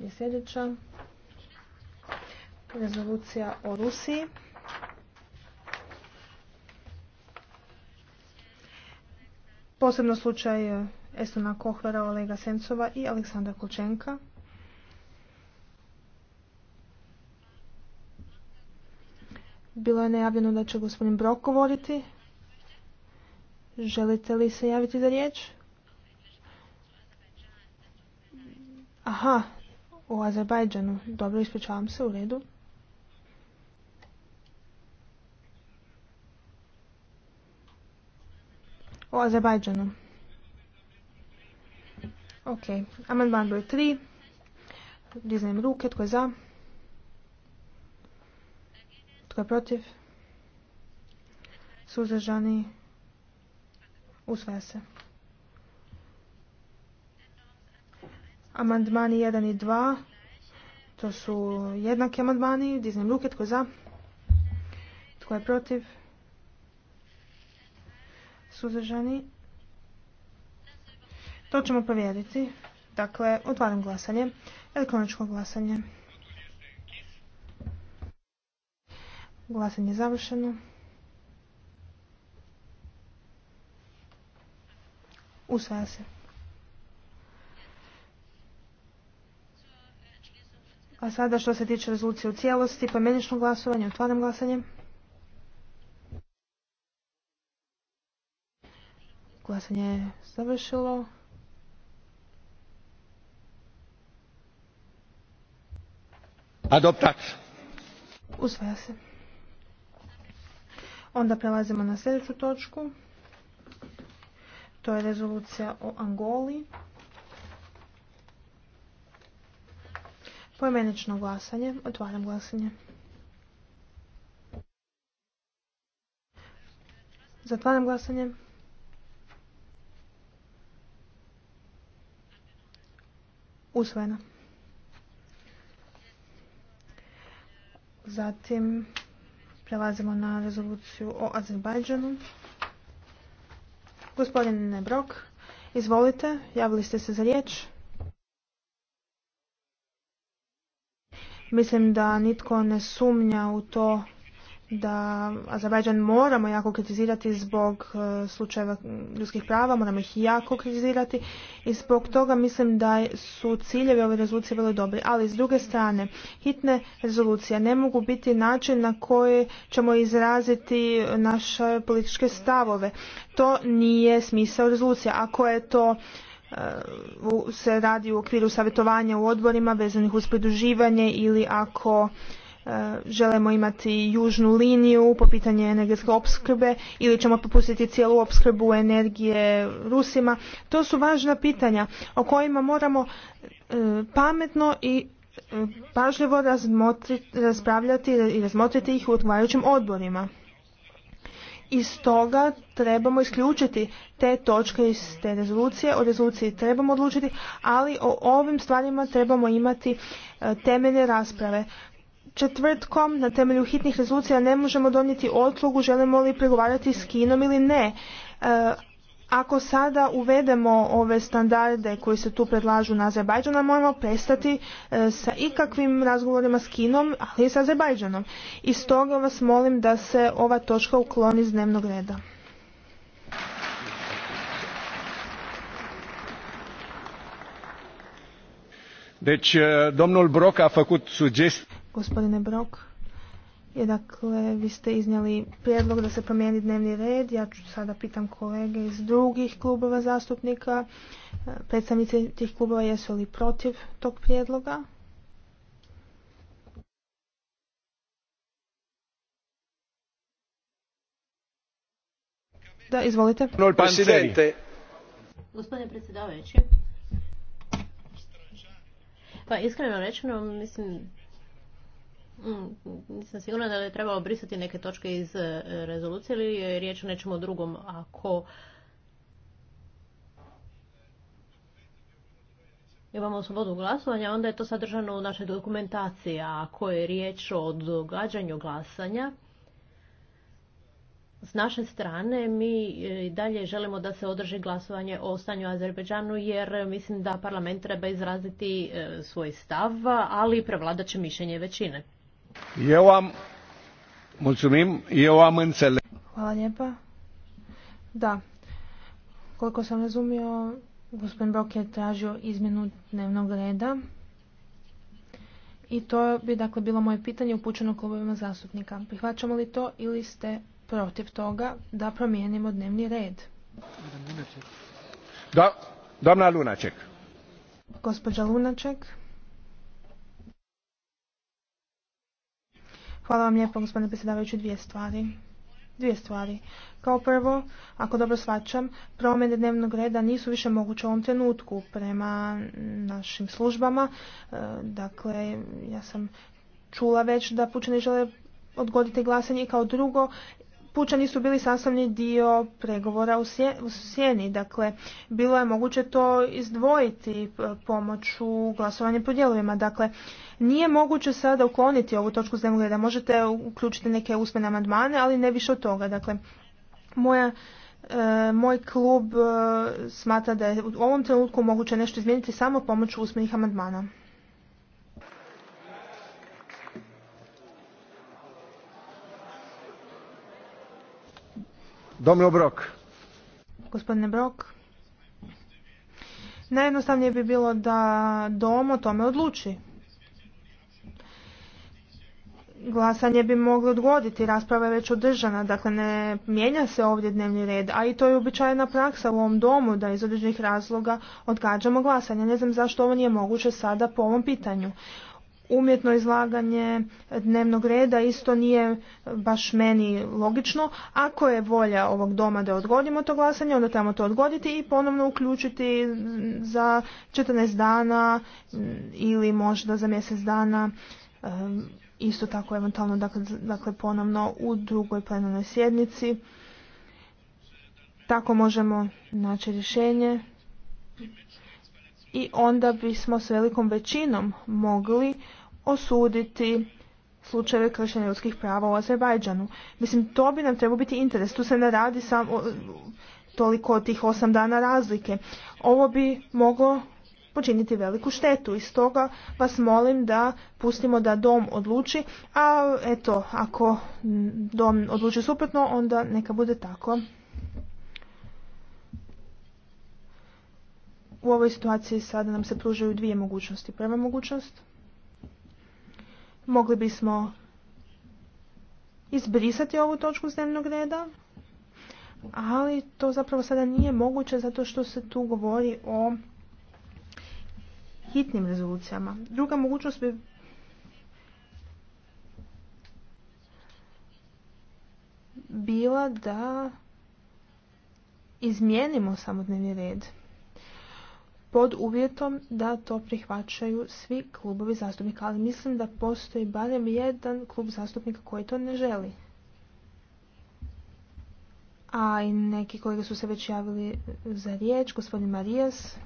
je sljedeća. Rezolucija o Rusiji. Posebno slučaj eh, Estona Kohvera, Olega Sencova i Aleksandra Kulčenka. Bilo je najavljeno da će gospodin Brok govoriti. Želite li se javiti za riječ? Aha, u Azerbajdžanu. Dobro, ispričavam se, u redu. U Azerbajdžanu. Ok, amandman broj 3. Diznem ruke, tko je za? Tko je protiv? Suzdržani? Usvaja se. Amandmani 1 i 2, to su jednaki amandmani, diznem ruke, tko je za, tko je protiv, suzdržani. To ćemo provjeriti. Dakle, otvaram glasanje, elektroničko glasanje. Glasanje je završeno. Usvaja se. A sada što se tiče rezolucije u cijelosti, pomenično glasovanje, otvaram glasanje. Glasanje je završilo. Adoptat. Usvaja se. Onda prelazimo na sljedeću točku. To je rezolucija o Angoli. Pojmenično glasanje. Otvaram glasanje. Zatvaram glasanje. Usvojeno. Zatim prelazimo na rezoluciju o Azerbajdžanu. Gospodine Brok, izvolite, javili ste se za riječ. Mislim da nitko ne sumnja u to da Azerbajdžan moramo jako kritizirati zbog e, slučajeva ljudskih prava, moramo ih jako kritizirati i zbog toga mislim da su ciljevi ove rezolucije vrlo dobri. Ali s druge strane, hitne rezolucije ne mogu biti način na koji ćemo izraziti naše političke stavove. To nije smisao rezolucije. Ako je to Eh, se radi u okviru savjetovanja u odborima vezanih uz pridruživanje ili ako eh, želimo imati južnu liniju po pitanju energetske opskrbe ili ćemo popustiti cijelu opskrbu energije Rusima. To su važna pitanja o kojima moramo eh, pametno i pažljivo raspravljati i razmotriti ih u odgovarajućim odborima. Iz toga trebamo isključiti te točke iz te rezolucije. O rezoluciji trebamo odlučiti, ali o ovim stvarima trebamo imati e, temelje rasprave. Četvrtkom, na temelju hitnih rezolucija ne možemo donijeti odluku želimo li pregovarati s Kinom ili ne. E, ako sada uvedemo ove standarde koji se tu predlažu na Azerbajdžana moramo prestati e, sa ikakvim razgovorima s Kinom, ali i sa Azerbajdžanom. I stoga vas molim da se ova točka ukloni iz dnevnog reda. Deci, e, domnul a făcut Gospodine Brok? je dakle, vi ste iznijeli prijedlog da se promijeni dnevni red. Ja ću sada pitam kolege iz drugih klubova zastupnika. Predstavnici tih klubova jesu li protiv tog prijedloga? Da, izvolite. Gospodine predsjedavajući, pa iskreno rečeno, mislim, Mm, nisam sigurna da je trebalo brisati neke točke iz e, rezolucije ili je riječ o nečemu drugom. Ako imamo slobodu glasovanja, onda je to sadržano u našoj dokumentaciji. A ako je riječ o događanju glasanja, s naše strane mi e, dalje želimo da se održi glasovanje o stanju Azerbeđanu jer mislim da parlament treba izraziti e, svoj stav, ali prevladat će mišljenje većine. Hvala lijepa. Da. Koliko sam razumio, gospodin Brok je tražio izmjenu dnevnog reda. I to bi dakle bilo moje pitanje upućeno klubovima zastupnika. Prihvaćamo li to ili ste protiv toga da promijenimo dnevni red? Da, Lunaček. Gospođa Lunaček. Hvala vam lijepo, gospodine predsjedavajući, dvije stvari. Dvije stvari. Kao prvo, ako dobro svačam, promjene dnevnog reda nisu više moguće u ovom trenutku prema našim službama. E, dakle, ja sam čula već da pučani žele odgoditi glasanje i kao drugo pučani su bili sastavni dio pregovora u sjeni. Dakle, bilo je moguće to izdvojiti e, pomoću glasovanja po dijelovima. Dakle, nije moguće sada ukloniti ovu točku s da možete uključiti neke usmene amandmane, ali ne više od toga. Dakle, moja e, moj klub e, smatra da je u ovom trenutku moguće nešto izmijeniti samo pomoću usmenih amandmana. Gospodine Brok. Najjednostavnije bi bilo da dom o tome odluči. Glasanje bi moglo odgoditi, rasprava je već održana, dakle ne mijenja se ovdje dnevni red, a i to je uobičajena praksa u ovom domu da iz određenih razloga odgađamo glasanje. Ne znam zašto ovo nije moguće sada po ovom pitanju umjetno izlaganje dnevnog reda isto nije baš meni logično. Ako je volja ovog doma da odgodimo to glasanje, onda tamo to odgoditi i ponovno uključiti za 14 dana ili možda za mjesec dana isto tako eventualno dakle, dakle ponovno u drugoj plenarnoj sjednici. Tako možemo naći rješenje i onda bismo s velikom većinom mogli osuditi slučajeve kršenja ljudskih prava u Azerbajdžanu. Mislim, to bi nam trebao biti interes. Tu se ne radi samo toliko od tih osam dana razlike. Ovo bi moglo počiniti veliku štetu i stoga vas molim da pustimo da dom odluči, a eto, ako dom odluči suprotno, onda neka bude tako. U ovoj situaciji sada nam se pružaju dvije mogućnosti. Prva mogućnost Mogli bismo izbrisati ovu točku s dnevnog reda, ali to zapravo sada nije moguće zato što se tu govori o hitnim rezolucijama. Druga mogućnost bi bila da izmijenimo samodnevni dnevni red pod uvjetom da to prihvaćaju svi klubovi zastupnika, ali mislim da postoji barem jedan klub zastupnika koji to ne želi. A i neki kolege su se već javili za riječ. Gospodin Marijas,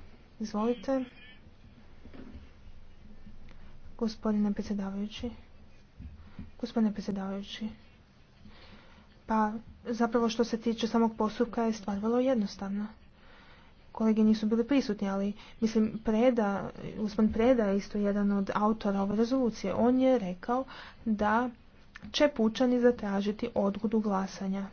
izvolite. Gospodine predsjedavajući. Gospodine predsjedavajući. Pa, zapravo što se tiče samog postupka je stvar vrlo jednostavna kolege nisu bili prisutni, ali mislim Preda, Usman Preda isto jedan od autora ove rezolucije. On je rekao da će pučani zatražiti odgodu glasanja.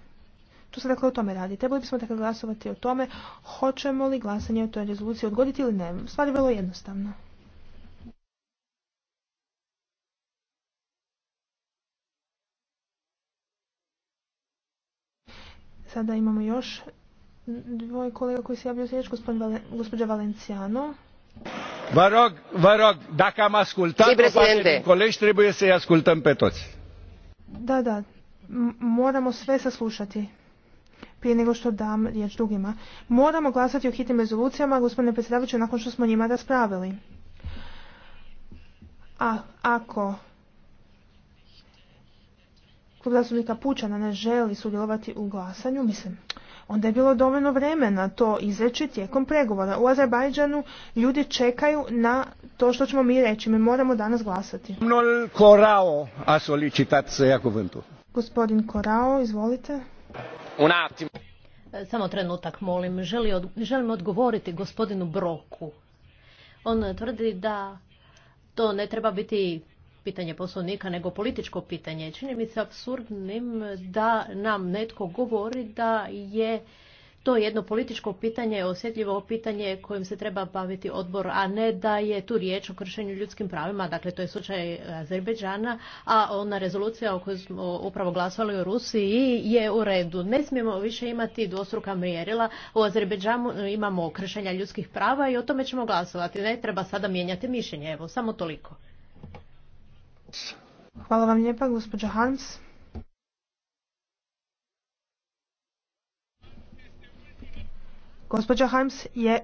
To se dakle o tome radi. Trebali bismo dakle glasovati o tome hoćemo li glasanje o toj rezoluciji odgoditi ili ne. Stvar je vrlo jednostavna. Sada imamo još dvoj kolega koji se javljaju za riječ, gospođa Valenciano. Vă rog, vă rog, dacă am ascultat colegi, trebuie să-i ascultăm pe toți. Da, da, moramo sve saslušati prije nego što dam riječ drugima. Moramo glasati o hitnim rezolucijama, gospodine predsjedavajući, nakon što smo njima raspravili. A ako klub zastupnika Pučana ne želi sudjelovati u glasanju, mislim, onda je bilo dovoljno vremena to izreći tijekom pregovora. U Azerbajdžanu ljudi čekaju na to što ćemo mi reći. Mi moramo danas glasati. Gospodin Korao, izvolite. E, samo trenutak, molim. Želi želim odgovoriti gospodinu Broku. On tvrdi da to ne treba biti pitanje poslovnika nego političko pitanje. Čini mi se absurdnim da nam netko govori da je to jedno političko pitanje, osjetljivo pitanje kojim se treba baviti odbor, a ne da je tu riječ o kršenju ljudskim pravima, dakle to je slučaj Azerbeđana, a ona rezolucija o kojoj smo upravo glasovali u Rusiji je u redu. Ne smijemo više imati dvostruka mjerila, u Azerbeđanu imamo kršenja ljudskih prava i o tome ćemo glasovati, ne treba sada mijenjati mišljenje, evo samo toliko. Hvala vam lijepa, gospođa Harms. Gospođa Harms je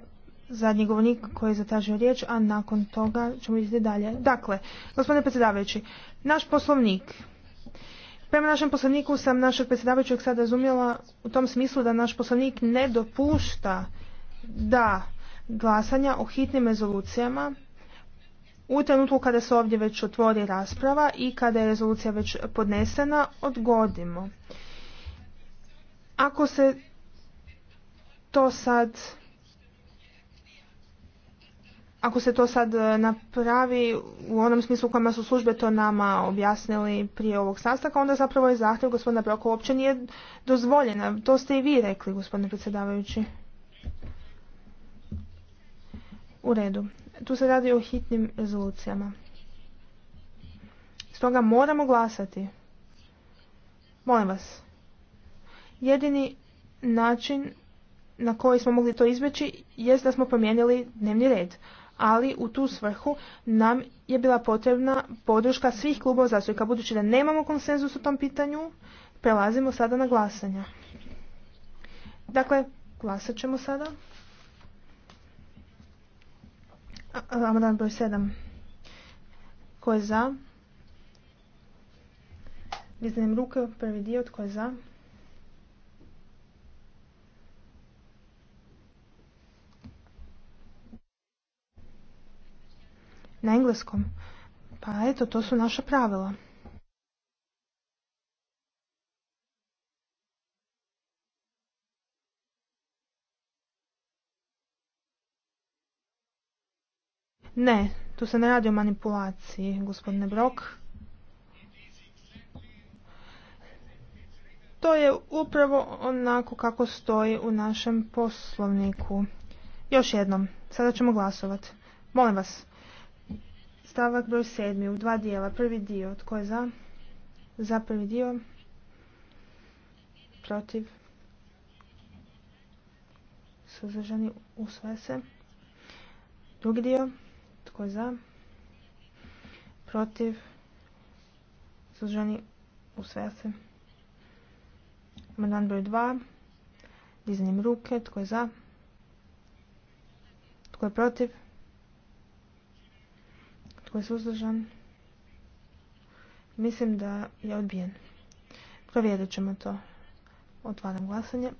zadnji govornik koji je zatražio riječ, a nakon toga ćemo vidjeti dalje. Dakle, gospodine predsjedavajući, naš poslovnik Prema našem poslovniku sam našeg predsjedavajućeg sad razumjela u tom smislu da naš poslovnik ne dopušta da glasanja o hitnim rezolucijama u trenutku kada se ovdje već otvori rasprava i kada je rezolucija već podnesena, odgodimo. Ako se to sad ako se to sad e, napravi u onom smislu u kojima su službe to nama objasnili prije ovog sastanka, onda zapravo je zahtjev gospodina Broka uopće nije dozvoljena. To ste i vi rekli, gospodine predsjedavajući. U redu. Tu se radi o hitnim rezolucijama. Stoga moramo glasati. Molim vas. Jedini način na koji smo mogli to izbjeći jest da smo promijenili dnevni red. Ali u tu svrhu nam je bila potrebna podrška svih klubova zastupnika. Budući da nemamo konsenzus u tom pitanju, prelazimo sada na glasanje. Dakle, glasat ćemo sada. Amadan broj 7. Tko je za? Dizanjem ruke, prvi dio, tko je za? Na engleskom. Pa eto, to su naša pravila. Ne, tu se ne radi o manipulaciji, gospodine Brok. To je upravo onako kako stoji u našem poslovniku. Još jednom, sada ćemo glasovati. Molim vas, stavak broj sedmi u dva dijela. Prvi dio, tko je za? Za prvi dio. Protiv. Suzdržani usvoje se. Drugi dio. Tko je za? Protiv? Suzdržani? Usvaja se. Amandman broj 2. Dizanjem ruke. Tko je za? Tko je protiv? Tko je suzdržan? Mislim da je odbijen. Provjerit ćemo to. Otvaram glasanje.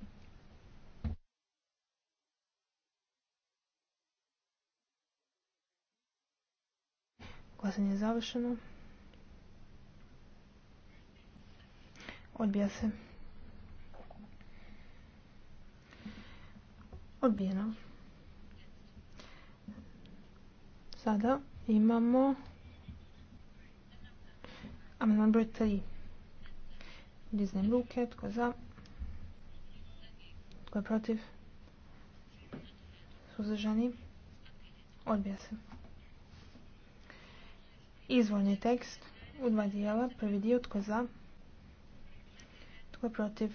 Glasanje je završeno. Odbija se. Odbijeno. Sada imamo amandman broj 3. Diznem ruke, tko je za, tko je protiv, suzdržani, odbija se. Izvorni tekst u dva dijela. Prvi dio tko za, tko je protiv,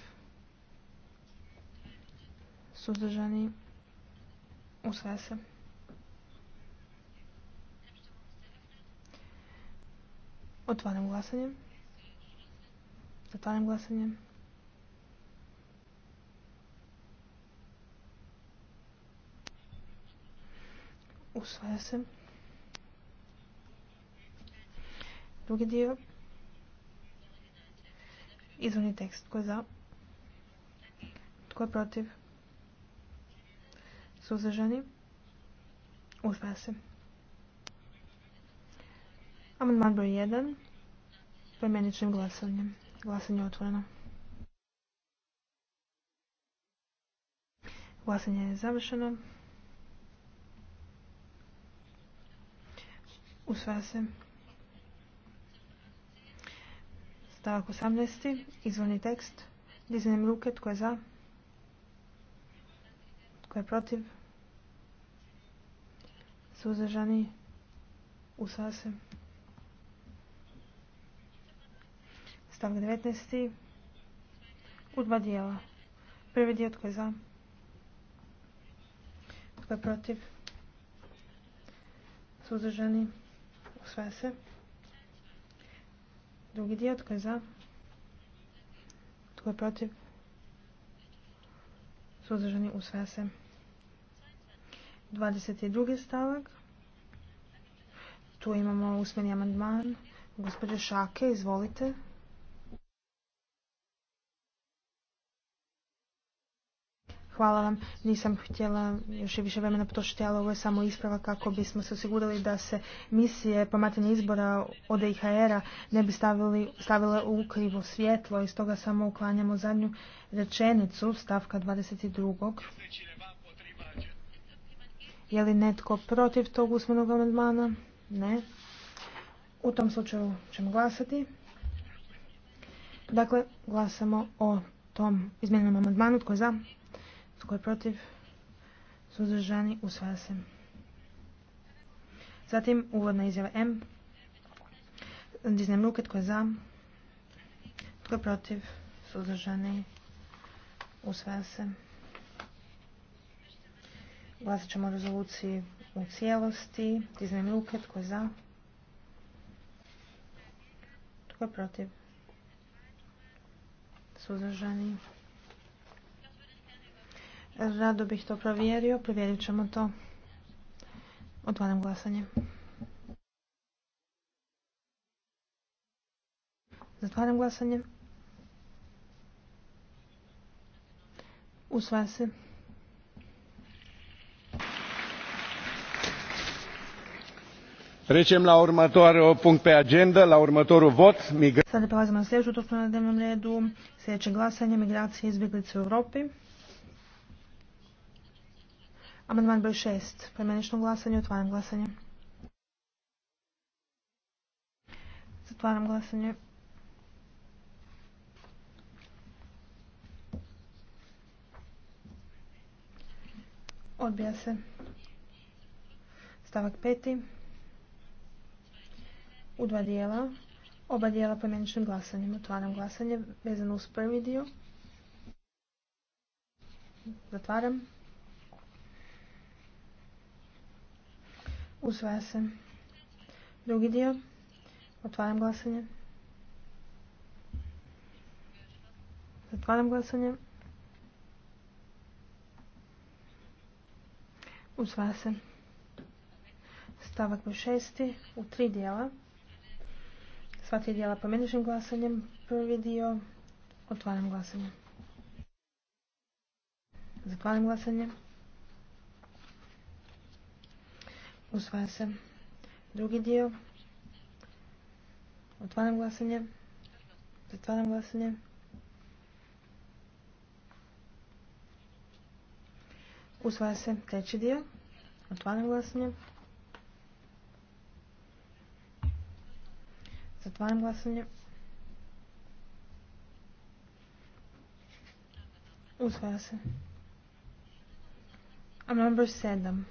suzdržani, usvaja se. Otvaram glasanje. Zatvaram glasanje. Usvaja se. Drugi dio. Izvorni tekst. Tko je za? Tko je protiv? Suzdržani? Usvaja se. Amandman broj 1. Pojmeničnim glasanjem. Glasanje je otvoreno. Glasanje je završeno. Usvaja se. Stavak 18. Izvorni tekst. Dizanjem ruke. Tko je za? Tko je protiv? Suzdržani? Usva se. Stavak 19. U dva dijela. Prvi dio tko je za? Tko je protiv? Suzdržani? Usvaja se. Drugi dio, tko je za? Tko je protiv? Suzdržani usvaja se. 22. stavak. Tu imamo usmeni amandman. Gospodje Šake, izvolite. Hvala vam. Nisam htjela još i više vremena potrošiti, ali ovo je samo isprava kako bismo se osigurali da se misije pomatanja izbora od ihr a ne bi stavili, stavile u krivo svjetlo i stoga samo uklanjamo zadnju rečenicu stavka 22. Je li netko protiv tog usmenog amandmana? Ne. U tom slučaju ćemo glasati. Dakle, glasamo o tom izmjenjenom amandmanu. Tko je za? Tko je protiv? Suzdržani? Usvaja se. Zatim uvodna izjava M. Diznem ruke. Tko je za? Tko je protiv? Suzdržani? Usvaja se. Glasit ćemo o rezoluciji u cijelosti. Diznem ruke. Tko je za? Tko je protiv? Suzdržani? Rado bih to provjerio, provjerit ćemo to. Otvaram glasanje. Zatvaram glasanje. Usvaja se. Trecem la următorul punct pe agenda, la următorul vot. Sada prelazimo na sljedeću točku na dnevnom redu, sljedeće glasanje, migracije i izbjeglice u Europi. Amandman broj šest. premeničnom glasanje. Otvaram glasanje. Zatvaram glasanje. Odbija se. Stavak peti. U dva dijela. Oba dijela pojmeničnim glasanjem. Otvaram glasanje vezano uz prvi dio. Zatvaram. Usvaja se. Drugi dio. Otvaram glasanje. Zatvaram glasanje. Usvaja se. Stavak šesti U tri dijela. Sva tri dijela pomenišim glasanjem. Prvi dio. Otvaram glasanje. Zatvaram glasanje. Usvaja se. Drugi dio. Otvaram glasanje. Zatvaram glasanje. Usvaja se treći dio. Otvaram glasanje. Zatvaram glasanje. Usvaja se. A 7.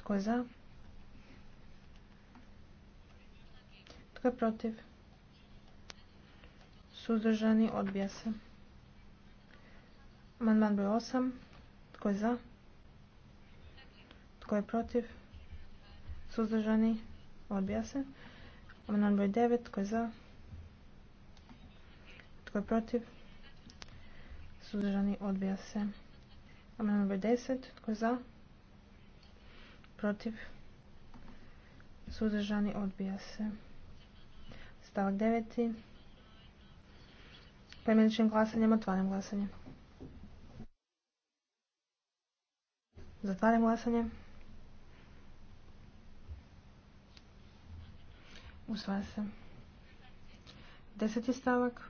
Tko je za? Tko je protiv? Suzdržani odbija se. Amandman broj 8. Tko je za? Tko je protiv? Suzdržani odbija se. Amandman broj 9. Tko je za? Tko je protiv? Suzdržani odbija se. Amandman broj 10. Tko je za? protiv, suzdržani, odbija se. Stavak 9. Pojmeničnim glasanjem otvaram glasanje. Zatvaram glasanje. Usvaja se. Deseti stavak.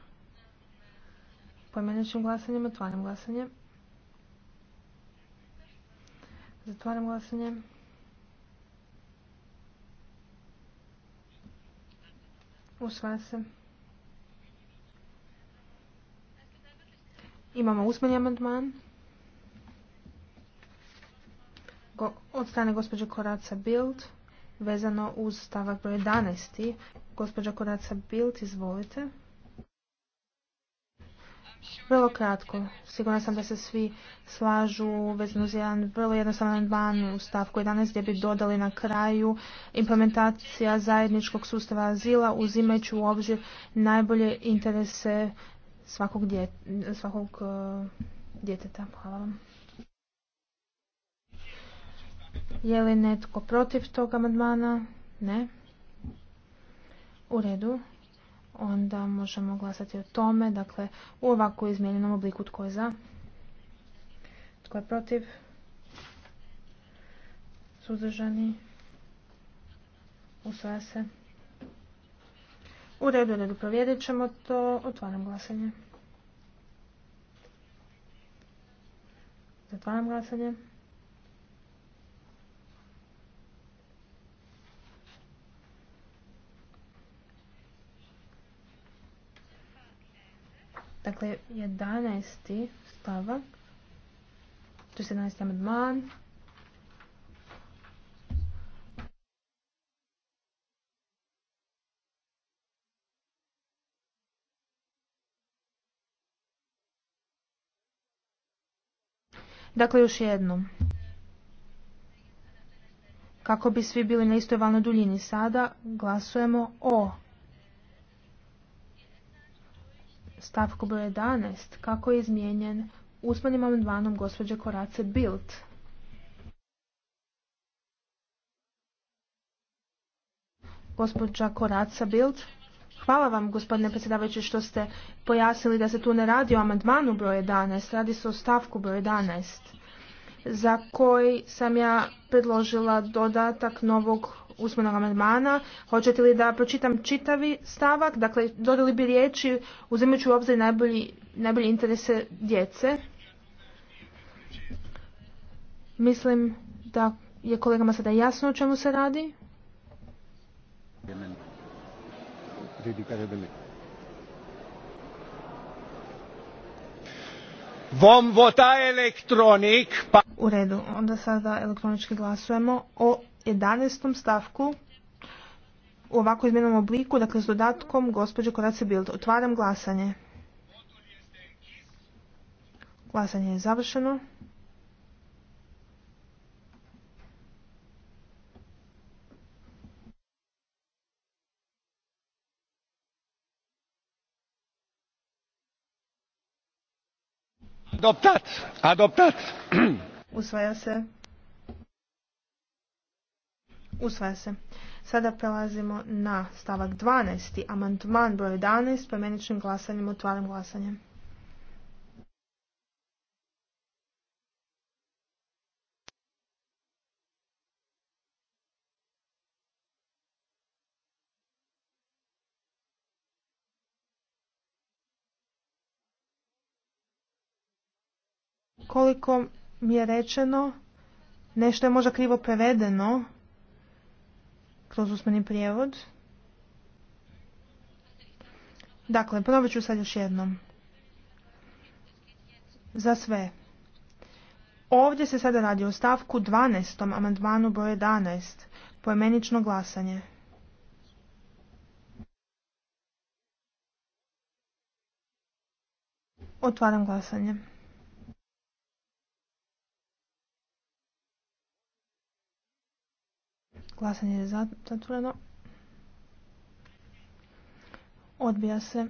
Pojmeničnim glasanjem otvaram glasanje. Zatvaram glasanje. Usvaja se. Imamo usmeni amandman. Od strane gospođe Koraca Bild, vezano uz stavak broj 11. Gospođa Koraca Bild, izvolite. Vrlo kratko. sigurno sam da se svi slažu vezano uz jedan vrlo jednostavan ban u stavku 11 gdje bi dodali na kraju implementacija zajedničkog sustava azila uzimajući u obzir najbolje interese svakog, svakog e, djeteta. Hvala vam. Je li netko protiv tog amandmana? Ne. U redu onda možemo glasati o tome. Dakle, u ovako izmijenjenom obliku tko je za, tko je protiv, suzdržani, usvaja se. U redu, u redu, provjerit ćemo to. Otvaram glasanje. Zatvaram glasanje. Dakle, 11. stavak, to je 17. amandman, Dakle, još jednom. Kako bi svi bili na istoj valnoj duljini sada, glasujemo o stavku broj 11 kako je izmijenjen usmanim amandmanom gospođe Korace Bild. Gospođa Koraca Bild. Hvala vam, gospodine predsjedavajući, što ste pojasnili da se tu ne radi o amandmanu broj 11, radi se o stavku broj 11, za koji sam ja predložila dodatak novog usmenog amandmana. Hoćete li da pročitam čitavi stavak? Dakle, dodali bi riječi uzimajući u obzir najbolji, najbolje interese djece. Mislim da je kolegama sada jasno o čemu se radi. Vom vota elektronik. Pa- u redu, onda sada elektronički glasujemo o 11. stavku u ovako izmjenom obliku, dakle s dodatkom gospođe Korace Bild. Otvaram glasanje. Glasanje je završeno. Adoptat. Adoptat. Usvaja se. Usvaja se. Sada prelazimo na stavak 12. Amandman broj 11. Pomeničnim glasanjem otvaram glasanje. Koliko mi je rečeno, nešto je možda krivo prevedeno, kroz usmeni prijevod. Dakle, probat ću sad još jednom. Za sve. Ovdje se sada radi o stavku 12. amandmanu broj 11. Poimenično glasanje. Otvaram glasanje. Glasanje je zatvoreno. Odbija se.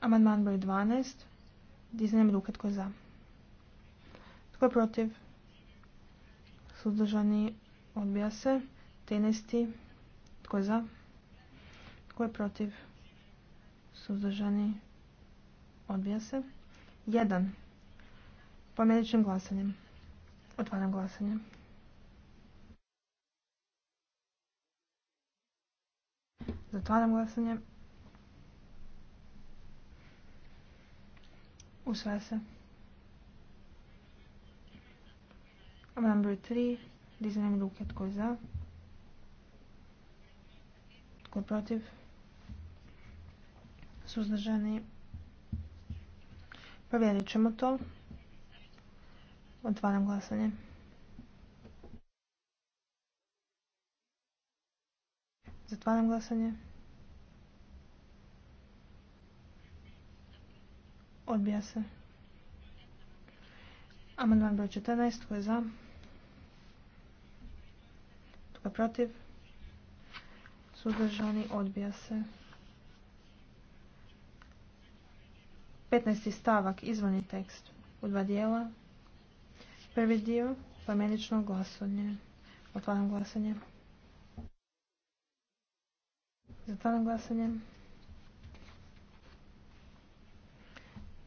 Amandman broj 12. Dizanjem ruke tko je za. Tko je protiv? Suzdržani odbija se. 13. Tko je za? Tko je protiv? Suzdržani odbija se. 1. Pomeničnim glasanjem. Otvaram glasanje. Zatvaram glasanje. Usvaja se. Amandman broj 3. Dizanjem ruke. Tko je za? Tko je protiv? Suzdržani. Provjerit ćemo to. Otvaram glasanje. Zatvaram glasanje. Odbija se. Amandman broj 14. Tko je za? Tko je protiv? Sudržani. odbija se. 15. stavak, izvorni tekst u dva dijela. Prvi dio, pomenično glasanje. Otvaram glasanje. Zatvaram glasanje.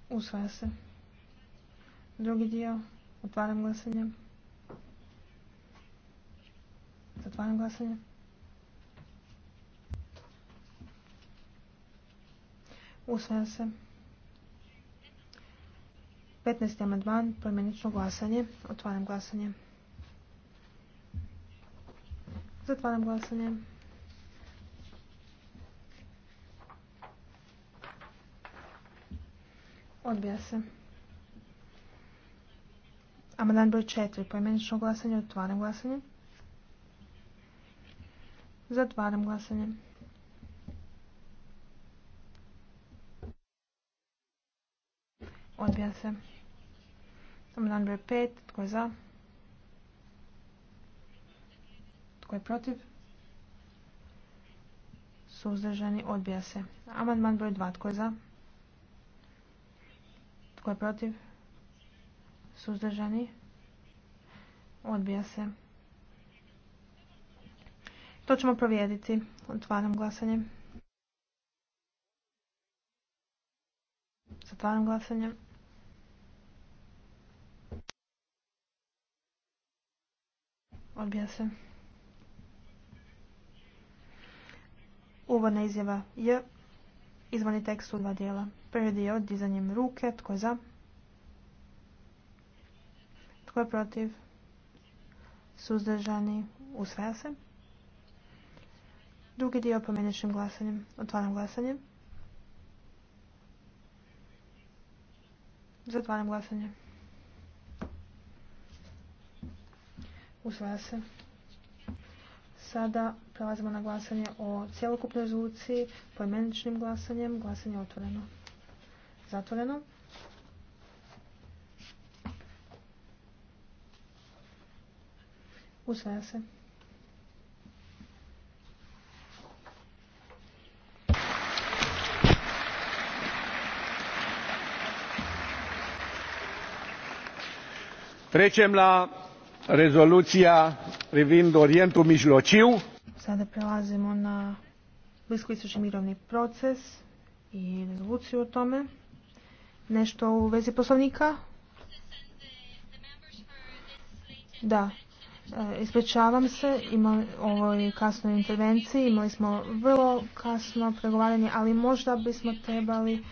Usvaja se. Drugi dio, otvaram glasanje. Zatvaram glasanje. Usvaja se. 15. amandman, pojmenično glasanje. Otvaram glasanje. Zatvaram glasanje. Odbija se. Amandman broj 4. Pojmenično glasanje. Otvaram glasanje. Zatvaram glasanje. Odbija se. Amandman broj 5. Tko je za? Tko je protiv? Suzdržani odbija se. Amandman broj 2. Tko je za? Tko je protiv? Suzdržani odbija se. To ćemo provjeriti. Otvaram glasanje. Zatvaram glasanje. Odbija se. Uvodna izjava je Izvani tekst u dva dijela. Prvi dio dizanjem ruke. Tko je za? Tko je protiv? Suzdržani. Usvaja se. Drugi dio pomenišnim glasanjem. Otvaram glasanje. Zatvaram glasanje. Usvaja se. Sada prelazimo na glasanje o cijelokupnoj rezoluciji poimeničnim glasanjem. Glasanje je otvoreno. Zatvoreno. Usvaja se. Trećem la rezolucija privind orijentu mijlociu. Sada prelazimo na bliskoistočni mirovni proces i rezoluciju o tome. Nešto u vezi poslovnika? Da. E, ispričavam se, ima ovoj kasnoj intervenciji, imali smo vrlo kasno pregovaranje, ali možda bismo trebali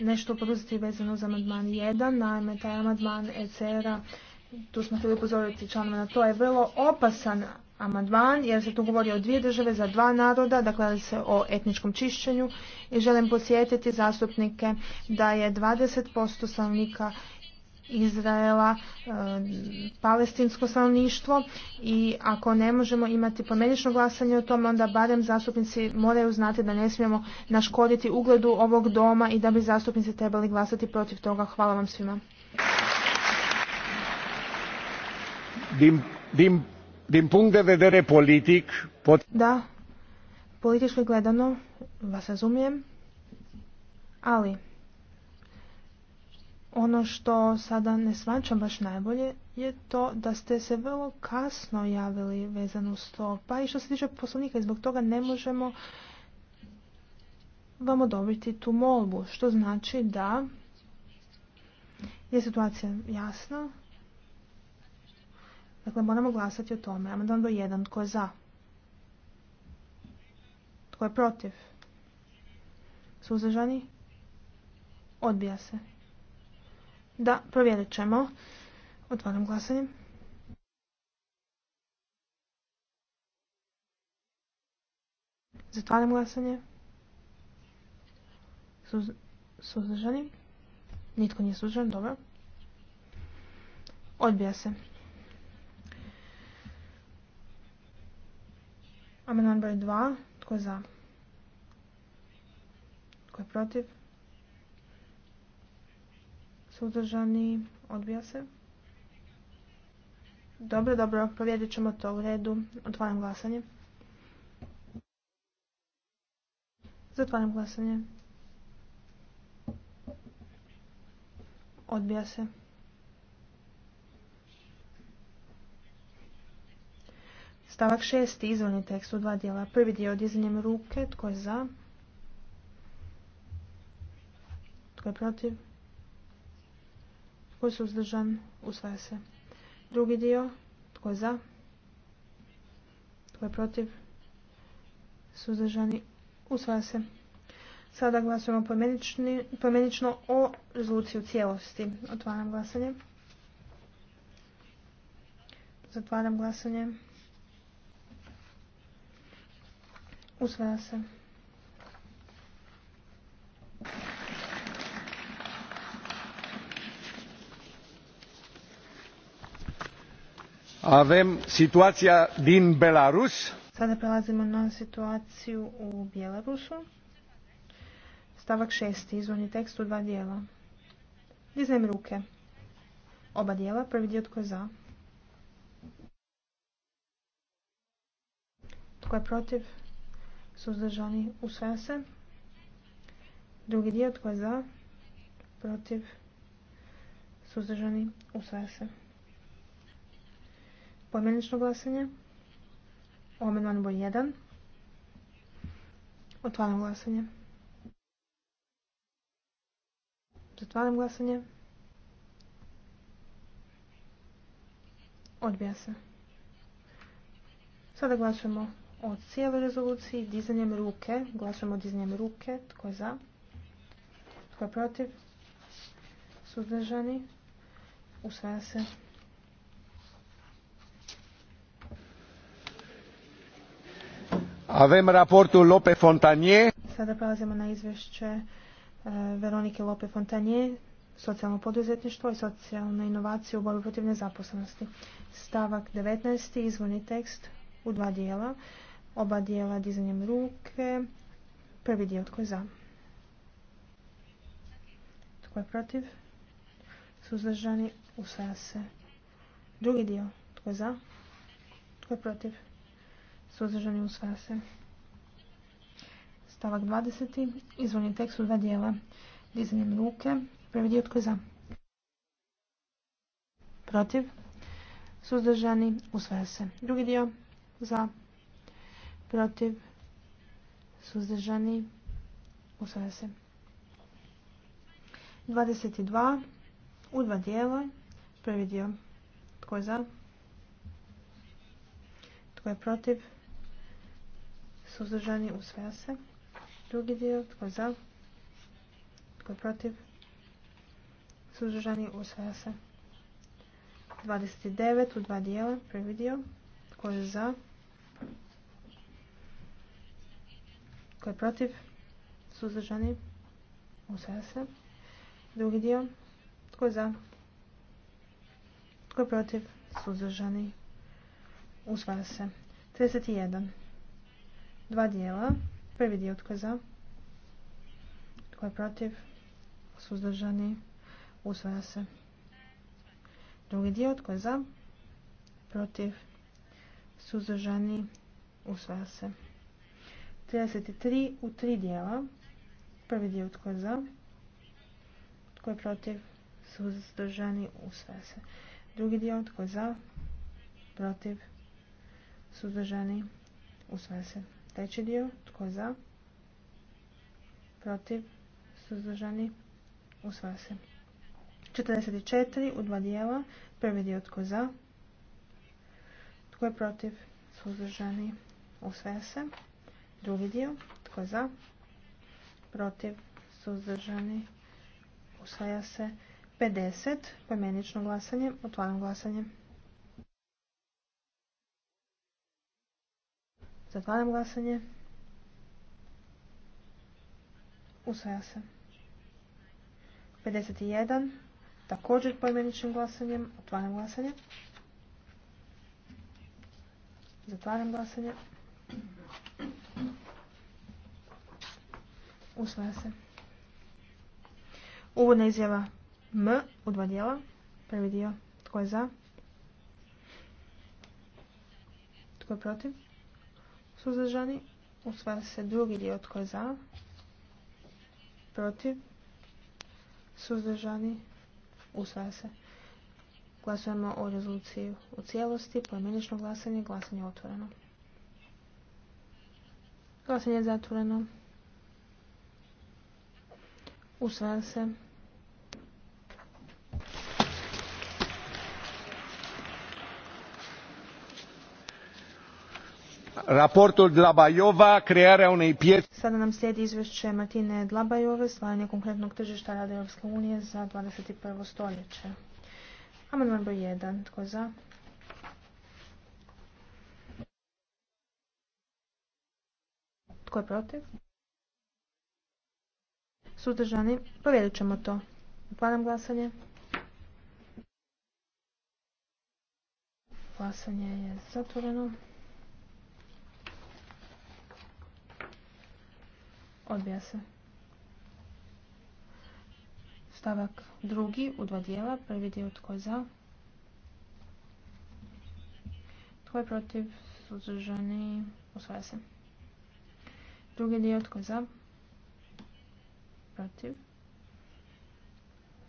nešto poduzeti vezano za amandman 1, naime taj amandman ECR-a tu smo htjeli upozoriti članove na to, je vrlo opasan amandman jer se tu govori o dvije države za dva naroda, dakle se o etničkom čišćenju i želim posjetiti zastupnike da je 20% stanovnika Izraela, e, palestinsko stanovništvo i ako ne možemo imati pomenično glasanje o tome, onda barem zastupnici moraju znati da ne smijemo naškoditi ugledu ovog doma i da bi zastupnici trebali glasati protiv toga. Hvala vam svima. Din, Da, politički gledano vas razumijem, ali ono što sada ne svačam baš najbolje je to da ste se vrlo kasno javili vezano uz to. Pa i što se tiče poslovnika i zbog toga ne možemo vam odobriti tu molbu. Što znači da je situacija jasna Dakle, moramo glasati o tome. Amandman broj jedan. Tko je za? Tko je protiv? Suzdržani? Odbija se. Da, provjerit ćemo. Otvaram glasanje. Zatvaram glasanje. suzdržani? Nitko nije suzdržan, dobro. Odbija se. Amenan, broj 2. Tko je za? Tko je protiv? Suzdržani? Odbija se. Dobro, dobro. Provjerit ćemo to u redu. Otvaram glasanje. Zatvaram glasanje. Odbija se. Stavak šesti, Izvorni tekst u dva dijela. Prvi dio dizanjem ruke. Tko je za? Tko je protiv? Tko je suzdržan? Usvaja se. Drugi dio. Tko je za? Tko je protiv? Suzdržani? Usvaja se. Sada glasujemo pomenično o rezoluciji cijelosti. Otvaram glasanje. Zatvaram glasanje. Usvaja se. Avem din Belarus. Sada prelazimo na situaciju u Bjelarusu. Stavak šesti, izvorni tekst u dva dijela. Dizem ruke. Oba dijela, prvi dio tko je za. Tko je protiv? suzdržani, usvaja se. Drugi dio, tko je za, protiv, suzdržani, usvaja se. Pojmenično glasanje, omenvan broj 1, otvaram glasanje. Zatvaram glasanje. Odbija se. Sada glasujemo o cijeloj rezoluciji dizanjem ruke. Glasujemo dizanjem ruke. Tko je za? Tko je protiv? Suzdržani? Usvaja se. Avem raportu Lope Fontanje. Sada prelazimo na izvješće e, Veronike Lope Fontanje, socijalno poduzetništvo i socijalna inovacija u borbi protiv nezaposlenosti. Stavak 19. izvorni tekst u dva dijela. Oba dijela dizanjem ruke. Prvi dio tko je za? Tko je protiv? Suzdržani usvaja se. Drugi dio tko je za? Tko je protiv? Suzdržani usvaja se. Stavak 20. Izvorni tekst u dva dijela. Dizanjem ruke. Prvi dio tko je za? Protiv? Suzdržani usvaja se. Drugi dio za? protiv, suzdržani, usvaja se. 22 u dva dijela, prvi dio, tko je za, tko je protiv, suzdržani, usvaja se. Drugi dio, tko je za, tko je protiv, suzdržani, usvaja se. 29 u dva dijela, prvi dio, tko je za, Tko je protiv? Suzdržani? Usvaja se. Drugi dio. Tko je za? Tko je protiv? Suzdržani? Usvaja se. 31. Dva dijela. Prvi dio tko je za? Tko je protiv? Suzdržani? Usvaja se. Drugi dio tko je za? Protiv? Suzdržani? Usvaja se. 33 u tri dijela. Prvi dio tko je za, tko je protiv, suzdržani, u se. Drugi dio tko je za, protiv, suzdržani, u se. Treći dio tko je za, protiv, suzdržani, u se. 44 u dva dijela. Prvi dio tko je za, tko je protiv, suzdržani, usvaja se. Drugi dio. Tko je za? Protiv. Suzdržani. Usvaja se. 50. Pomenično glasanje. Otvaram glasanje. Zatvaram glasanje. Usvaja se. 51. Također poimeničnim glasanjem. Otvaram glasanje. Zatvaram glasanje. Usvaja se. Uvodna izjava M u dva dijela. Prvi dio. Tko je za? Tko je protiv? Suzdržani. Usvaja se drugi dio. Tko je za? Protiv? Suzdržani. Usvaja se. Glasujemo o rezoluciji u cijelosti. Pojmenično glasanje. Glasanje otvoreno. Glasanje je zatvoreno. Usvaja se. Raportul Dlabajova, crearea unei piețe... Sada nam slijedi izvješće Martine Dlabajove, stvaranje konkretnog tržišta rada Europske unije za 21. stoljeće. Amandman broj 1. Tko je za? Tko je protiv? Sudržani, Provjerit ćemo to. Otvaram glasanje. Glasanje je zatvoreno. Odbija se. Stavak drugi u dva dijela. Prvi dio tko je za? Tko je protiv? Suzdržani? Osvaja se. Drugi dio tko je za? protiv,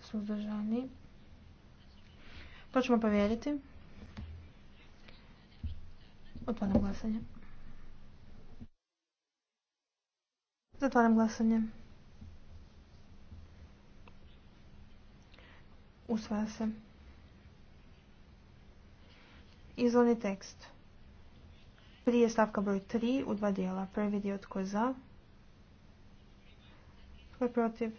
suzdržani. To ćemo provjeriti. Otvaram glasanje. Zatvaram glasanje. Usvaja se. Izvodni tekst. Prije stavka broj 3 u dva dijela. Prvi dio tko je za, tko je protiv?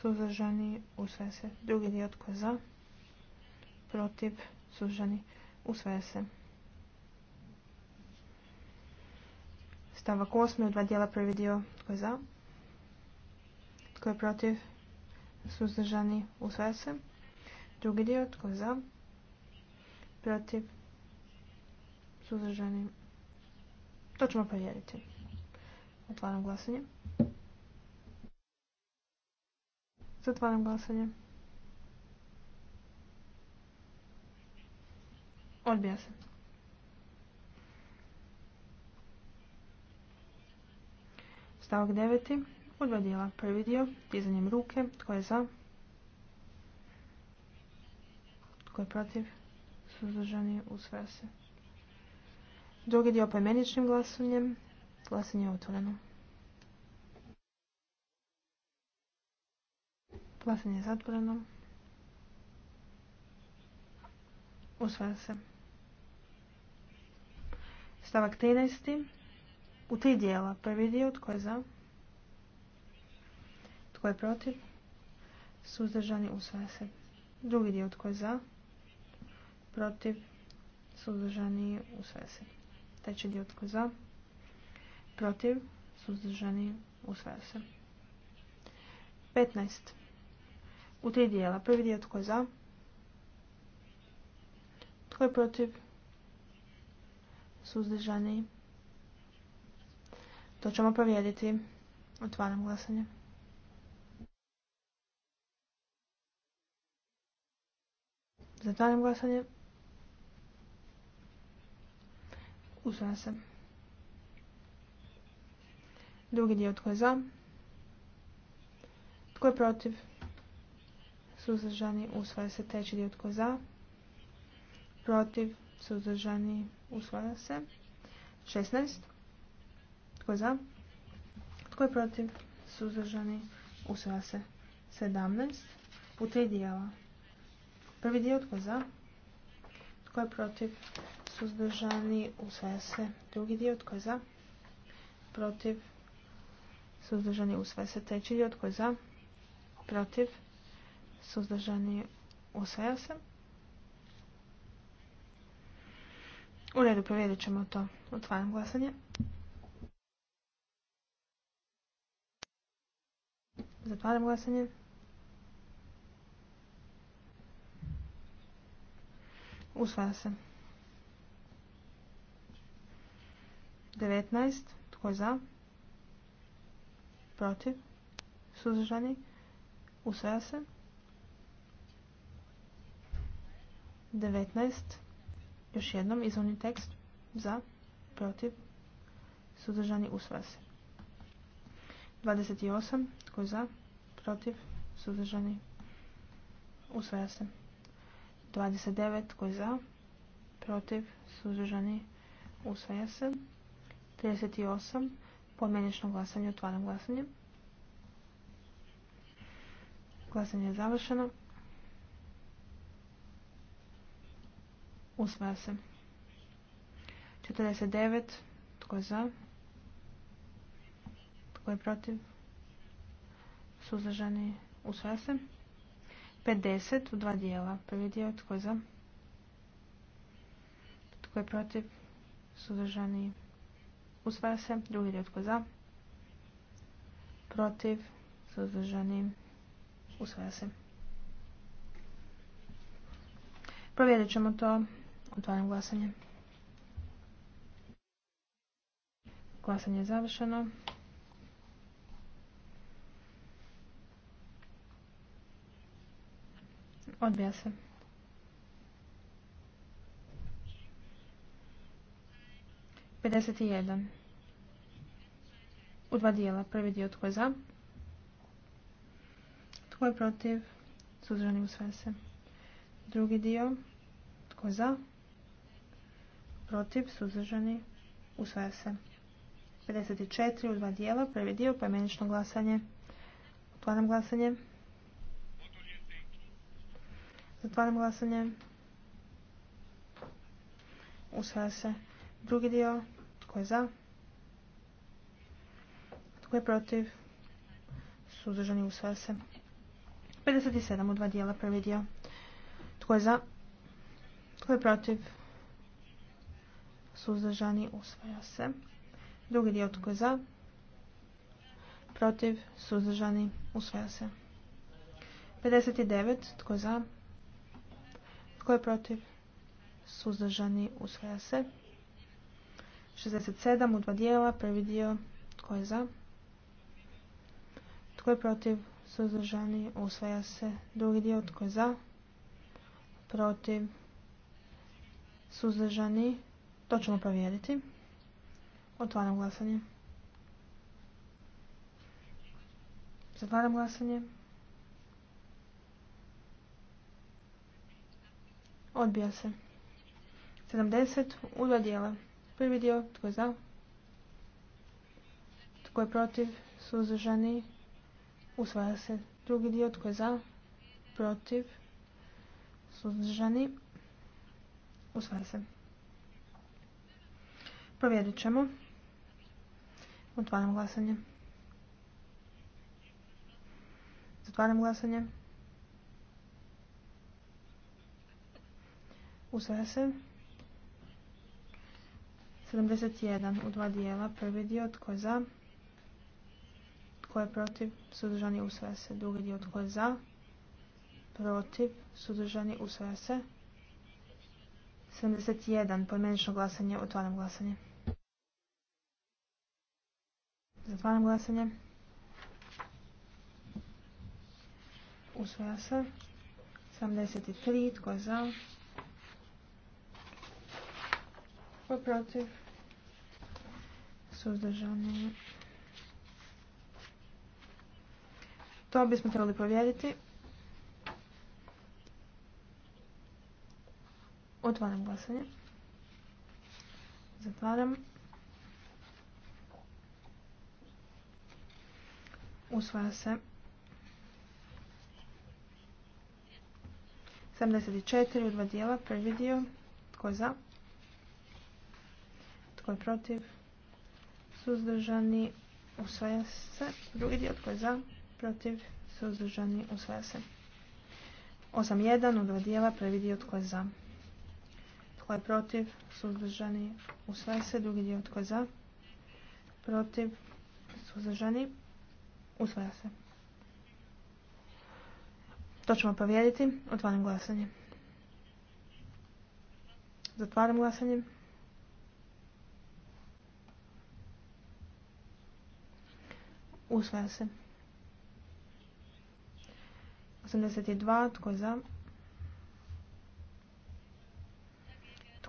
Suzdržani usvaja se. Drugi dio tko je za? Protiv? Suzdržani usvaja se. Stavak 8. U dva dijela prvi dio tko je za? Tko je protiv? Suzdržani usvaja Drugi dio tko je za? Protiv? Suzdržani. To ćemo provjeriti. Otvaram glasanje. Zatvaram glasanje. Odbija se. Stavak deveti. U dva dijela. Prvi dio. Dizanjem ruke. Tko je za? Tko je protiv? Suzdržani usvaja se. Drugi dio poimeničnim glasanjem. Glasanje je otvoreno. Glasanje je zatvoreno. Usvaja se. Stavak 13. U tri dijela. Prvi dio, tko je za? Tko je protiv? Suzdržani usvaja se. Drugi dio, tko je za? Protiv? Suzdržani usvaja se. Treći dio, tko je za? Protiv? Suzdržani usvaja se. 15 u tri dijela. Prvi dio tko je za? Tko je protiv? Suzdržani. To ćemo provjeriti. Otvaram glasanje. Zatvaram glasanje. Usvaja se. Drugi dio tko je za? Tko je protiv? suzdržani, usvaja se treći dio tko za, protiv, suzdržani, usvaja se. 16. Tko za? Tko je protiv? Suzdržani, usvaja se. 17. U tri dijela. Prvi dio tko za? Tko je protiv? Suzdržani, usvaja se. Drugi dio tko je za? Protiv, suzdržani, usvaja se. Treći dio tko je za? Protiv, suzdržani, usvaja se. U redu, provjerit ćemo to. Otvaram glasanje. Zatvaram glasanje. Usvaja se. 19. Tko je za? Protiv? Suzdržani? Usvaja se. 19. Još jednom izvorni tekst za, protiv, suzdržani usvaja se. 28. Tko za, protiv, suzdržani usvaja se. 29. Tko za, protiv, suzdržani usvaja se. 38. Pomenično glasanje, otvaram glasanje. Glasanje je završeno. Usvaja se. 49. Tko je za? Tko je protiv? Suzdržani. Usvaja se. 50 u dva dijela. Prvi dio tko je za? Tko je protiv? Suzdržani. Usvaja se. Drugi dio tko je za? Protiv. Suzdržani. Usvaja se. Provjerit ćemo to Otvaram glasanje. Glasanje je završeno. Odbija se. Pedeset jedan. U dva dijela. Prvi dio tko je za? Tko je protiv? Suzdržani sve se. Drugi dio. Tko je za? protiv, suzdržani, usvaja se. 54 u dva dijela, prvi dio poimenično glasanje. Otvaram glasanje. Zatvaram glasanje. Usvaja se. Drugi dio, tko je za? Tko je protiv? Suzdržani usvaja se. 57 u dva dijela, prvi dio. Tko je za? Tko je protiv? suzdržani, usvaja se. Drugi dio tko je za, protiv, suzdržani, usvaja se. 59. Tko je za? Tko je protiv? Suzdržani, usvaja se. 67. U dva dijela, prvi dio, tko je za? Tko je protiv? Suzdržani, usvaja se. Drugi dio, tko je za? Protiv, suzdržani, to ćemo provjeriti. Otvaram glasanje. Zatvaram glasanje. Odbija se. 70 u dva dijela. Prvi dio, tko je za? Tko je protiv? Suzdržani? Usvaja se. Drugi dio, tko je za? Protiv? Suzdržani? Usvaja se. Provjerit ćemo. Otvaram glasanje. Zatvaram glasanje. Usvaja se. 71 u dva dijela. Prvi dio tko je za, tko je protiv, suzdržani usvaja se. Drugi dio tko je za, protiv, sudržani usvaja se. 71. Pojmenično glasanje. Otvaram glasanje. Zatvaram glasanje. Usvoja se. 73. Tko je za? Tko je protiv? Suzdržani. To bismo trebali provjeriti. Otvaram glasanje. Zatvaram. Usvaja se. 74 u dva dijela. Prvi dio. Tko je za? Tko je protiv? Suzdržani. Usvaja se. Drugi dio. Tko je za? Protiv. Suzdržani. Usvaja se. 8.1 u dva dijela. Prvi dio. Tko je za? Tko je protiv? Suzdržani. Usvaja se. Drugi dio. Tko je za? Protiv? Suzdržani. Usvaja se. To ćemo provjeriti. Otvaram glasanje. Zatvaram glasanje. Usvaja se. 82. Tko je za?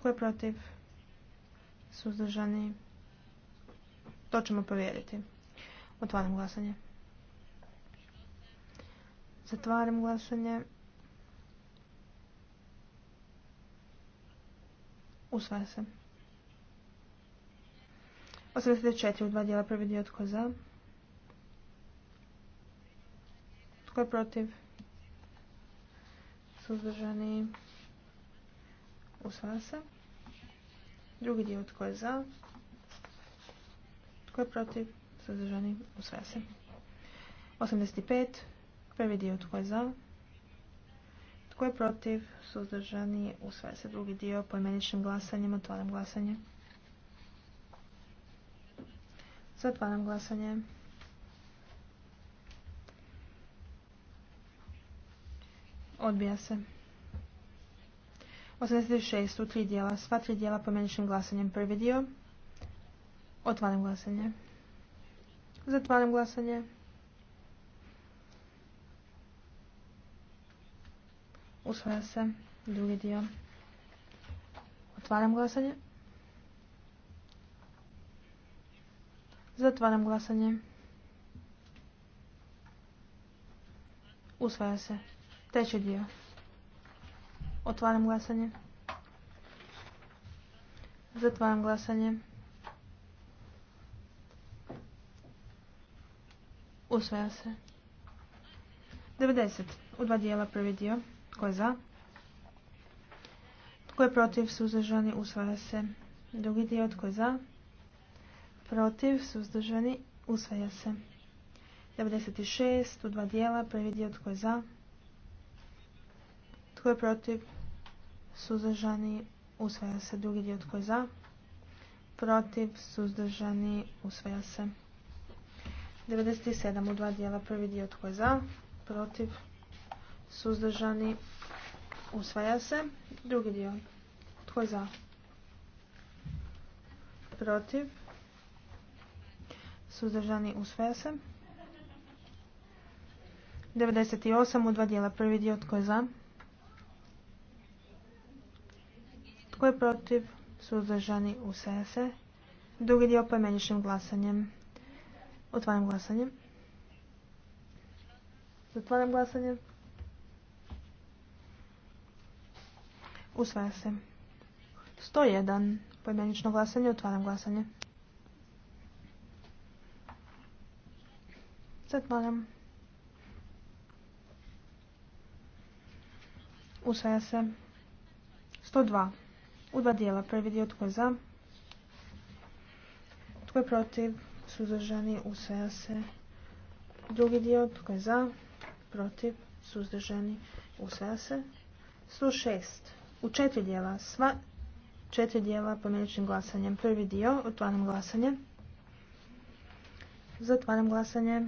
Tko je protiv? Suzdržani? To ćemo provjeriti. Otvaram glasanje. Zatvaram glasanje. Usvaja se. 84 u dva dijela prvi dio tko je za. Tko je protiv? Suzdržani. Usvaja se. Drugi dio tko je za? Tko je protiv? Suzdržani usvaja se. 85. Prvi dio tko je za? Tko je protiv? Suzdržani usvaja se. Drugi dio poimeničnim glasanjem. Otvaram glasanje. Otvaram glasanje. Odbija se. 86 u tri dijela. Sva tri dijela meničnim glasanjem. Prvi dio. Otvaram glasanje. Zatvaram glasanje. Usvaja se drugi dio. Otvaram glasanje. Zatvaram glasanje. Usvaja se. Treći dio. Otvaram glasanje. Zatvaram glasanje. Usvaja se. 90. U dva dijela prvi dio. Tko je za? Tko je protiv? Suzdržani. Usvaja se. Drugi dio. Tko je za? Protiv. Suzdržani. Usvaja se. 96. U dva dijela prvi dio. Tko je za? Tko je protiv? suzdržani, usvaja se. Drugi dio tko je za, protiv, suzdržani, usvaja se. 97 u dva dijela, prvi dio tko je za, protiv, suzdržani, usvaja se. Drugi dio tko je za, protiv, suzdržani, usvaja se. 98 u dva dijela, prvi dio tko je za, Tko je protiv? Suzdržani usvaja se. Drugi dio poimeničnim glasanjem. Otvaram glasanje. Zatvaram glasanje. Usvaja se. 101. Poimenično glasanje. Otvaram glasanje. Zatvaram. Usvaja se. 102. U dva dijela. Prvi dio tko je za? Tko je protiv? Suzdržani usvaja se. Drugi dio tko je za? Protiv? Suzdržani usvaja se. 106. U četiri dijela. Sva četiri dijela pomjeničnim glasanjem. Prvi dio. Otvaram glasanje. Zatvaram glasanje.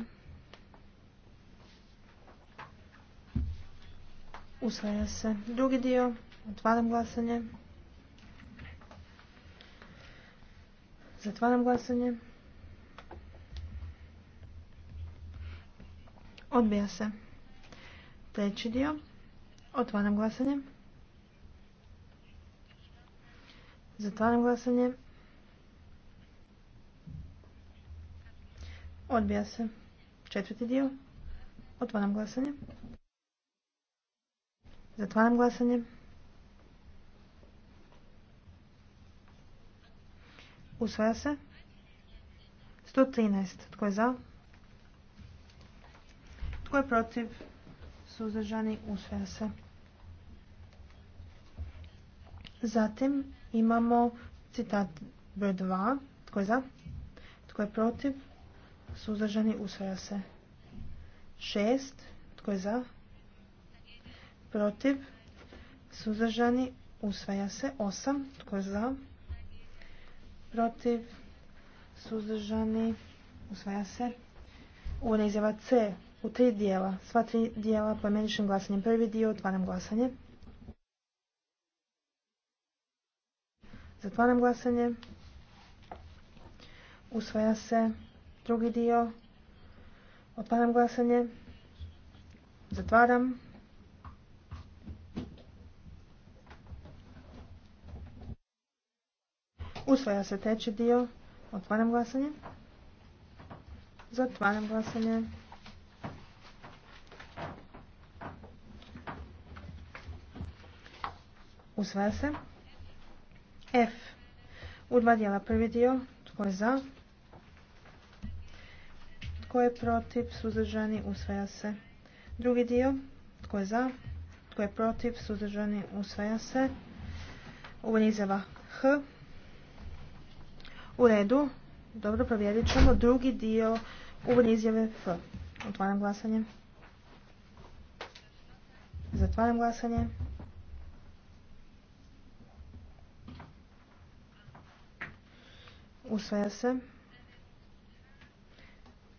Usvaja se. Drugi dio. Otvaram glasanje. Zatvaram glasanje. Odbija se. Treći dio. Otvaram glasanje. Zatvaram glasanje. Odbija se. Četvrti dio. Otvaram glasanje. Zatvaram glasanje. Usvaja se. 113. Tko je za? Tko je protiv? Suzdržani. Usvaja se. Zatim imamo citat broj 2. Tko je za? Tko je protiv? Suzdržani. Usvaja se. 6. Tko je za? Protiv? Suzdržani. Usvaja se. 8. Tko je za? protiv, suzdržani, usvaja se. Uvodna izjava C u tri dijela, sva tri dijela poimeničnim glasanjem. Prvi dio, otvaram glasanje. Zatvaram glasanje. Usvaja se drugi dio. Otvaram glasanje. Zatvaram. Usvaja se treći dio. Otvaram glasanje. Zatvaram glasanje. Usvaja se. F. U dva dijela prvi dio. Tko je za? Tko je protiv? Suzdržani. Usvaja se. Drugi dio. Tko je za? Tko je protiv? Suzdržani. Usvaja se. Uvodna izjava H. U redu. Dobro, provjerit ćemo drugi dio uvodne izjave F. Otvaram glasanje. Zatvaram glasanje. Usvaja se.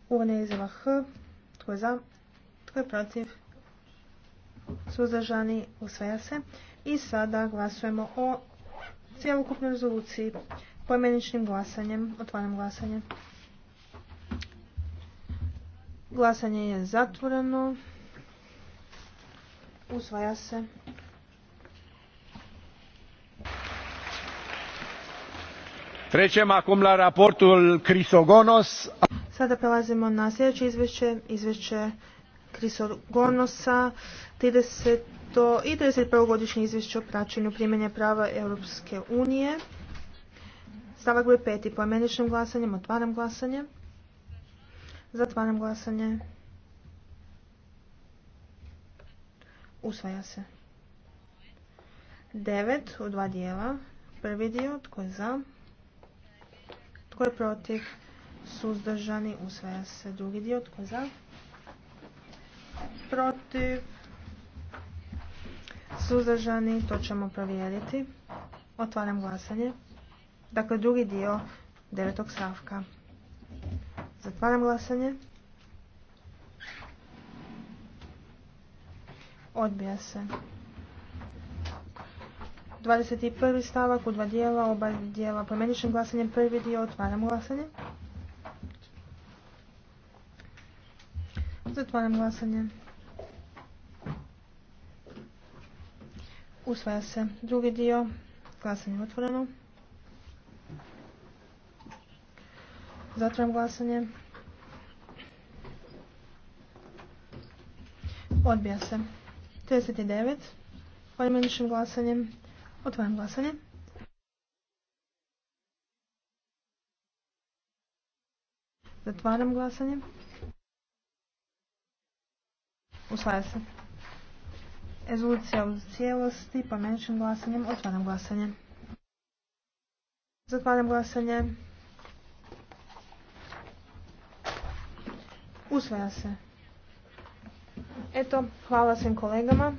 Uvodna izjava H. Tko je za? Tko je protiv? Suzdržani. Usvaja se. I sada glasujemo o cijelokupnoj rezoluciji Poimeničnim glasanjem. Otvaram glasanje. Glasanje je zatvoreno. Usvaja se. Trećem akum la raportul Sada prelazimo na sljedeće izvješće, izvješće Crisogonosa, 30. i 31. godišnje izvješće o praćenju primjenja prava Europske unije. Stavak broj peti Poimeničnim glasanjem otvaram glasanje. Zatvaram glasanje. Usvaja se. Devet u dva dijela. Prvi dio, tko je za, tko je protiv, suzdržani, usvaja se. Drugi dio, tko je za, protiv, suzdržani, to ćemo provjeriti. Otvaram glasanje. Dakle, drugi dio devetog stavka. Zatvaram glasanje. Odbija se. 21. stavak u dva dijela, oba dijela promjenišem glasanjem. Prvi dio otvaram glasanje. Zatvaram glasanje. Usvaja se drugi dio. Glasanje otvoreno. Zatvaram glasanje. Odbija se. 39. Poimeničnim glasanjem. Otvaram glasanje. Zatvaram glasanje. Usvaja se. Rezolucija u cijelosti. Poimeničnim glasanjem. Otvaram glasanje. Zatvaram glasanje. Usvaja se. Eto, hvala svim kolegama.